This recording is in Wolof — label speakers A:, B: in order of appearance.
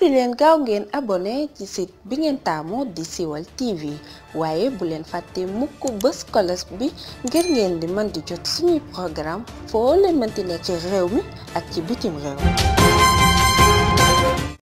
A: si leen gaaw ngeen abonné ci site bi ngeen taamu di Siweul TV waaye bu leen fàtte mukk bës kolos bi ngir leen di mën di jot suñuy programme foo leen mënti ci réew mi ak ci bitim réew